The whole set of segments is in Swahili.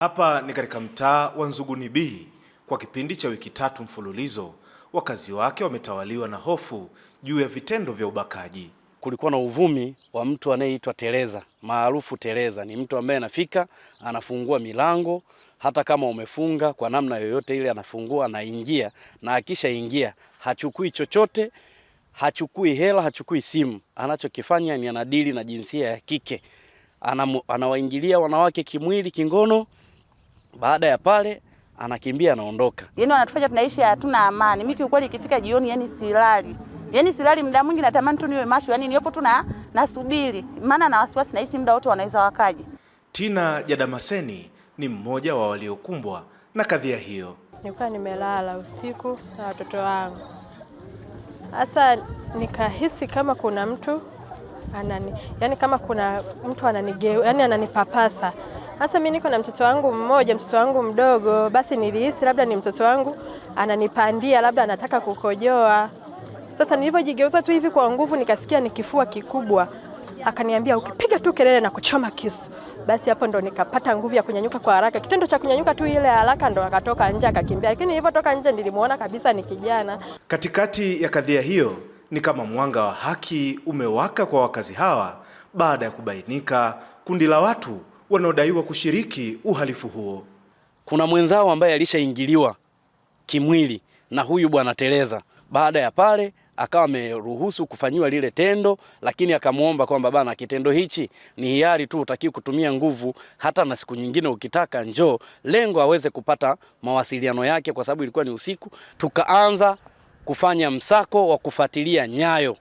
Hapa ni katika mtaa wa Nzuguni B. Kwa kipindi cha wiki tatu mfululizo, wakazi wake wametawaliwa na hofu juu ya vitendo vya ubakaji. Kulikuwa na uvumi wa mtu anayeitwa Tereza, maarufu Tereza. Ni mtu ambaye anafika anafungua milango, hata kama umefunga kwa namna yoyote ile, anafungua anaingia, na akishaingia hachukui chochote, hachukui hela, hachukui simu. Anachokifanya ni anadili na jinsia ya kike, anawaingilia wanawake kimwili, kingono baada ya pale anakimbia anaondoka. Yaani wanatufanya tunaishi hatuna amani. Mimi kiukweli ikifika jioni yani silali. Yaani silali muda mwingi natamani tu niwe macho yani niwepo tu na nasubiri. Maana na wasiwasi nahisi muda wote wanaweza wakaje. Tina Jadamaseni ni mmoja wa waliokumbwa na kadhia hiyo. Nilikuwa nimelala usiku na watoto wangu. hasa nikahisi kama kuna mtu anani, yani kama kuna mtu ananigeu, yani ananipapasa Hasa mimi niko na mtoto wangu mmoja, mtoto wangu mdogo, basi nilihisi labda ni mtoto wangu ananipandia, labda anataka kukojoa. Sasa nilivyojigeuza tu hivi kwa nguvu, nikasikia ni kifua kikubwa, akaniambia ukipiga tu kelele na kuchoma kisu. Basi hapo ndo nikapata nguvu ya kunyanyuka kwa haraka. Kitendo cha kunyanyuka tu ile haraka ndo akatoka nje akakimbia, lakini nilivyotoka nje nilimuona kabisa ni kijana. Katikati ya kadhia hiyo, ni kama mwanga wa haki umewaka kwa wakazi hawa baada ya kubainika kundi la watu wanaodaiwa kushiriki uhalifu huo. Kuna mwenzao ambaye alishaingiliwa kimwili na huyu bwana Tereza. Baada ya pale akawa ameruhusu kufanyiwa lile tendo, lakini akamwomba kwamba bana, kitendo hichi ni hiari tu, utaki kutumia nguvu, hata na siku nyingine ukitaka njoo, lengo aweze kupata mawasiliano yake, kwa sababu ilikuwa ni usiku. Tukaanza kufanya msako wa kufuatilia nyayo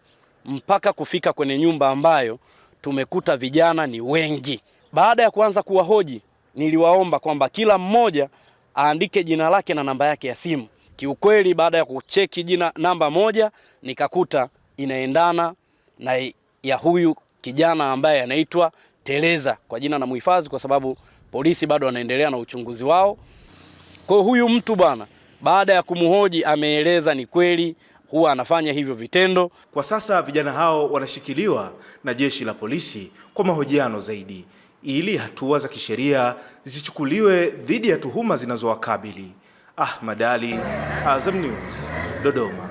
mpaka kufika kwenye nyumba ambayo tumekuta vijana ni wengi. Baada ya kuanza kuwahoji, niliwaomba kwamba kila mmoja aandike jina lake na namba yake ya simu. Kiukweli, baada ya kucheki jina namba moja nikakuta inaendana na ya huyu kijana ambaye anaitwa Teleza, kwa jina na muhifadhi, kwa sababu polisi bado wanaendelea na uchunguzi wao. Kwa huyu mtu bwana, baada ya kumhoji ameeleza ni kweli huwa anafanya hivyo vitendo. Kwa sasa vijana hao wanashikiliwa na jeshi la polisi kwa mahojiano zaidi ili hatua za kisheria zichukuliwe dhidi ya tuhuma zinazowakabili. Ahmad Ali, Azam News, Dodoma.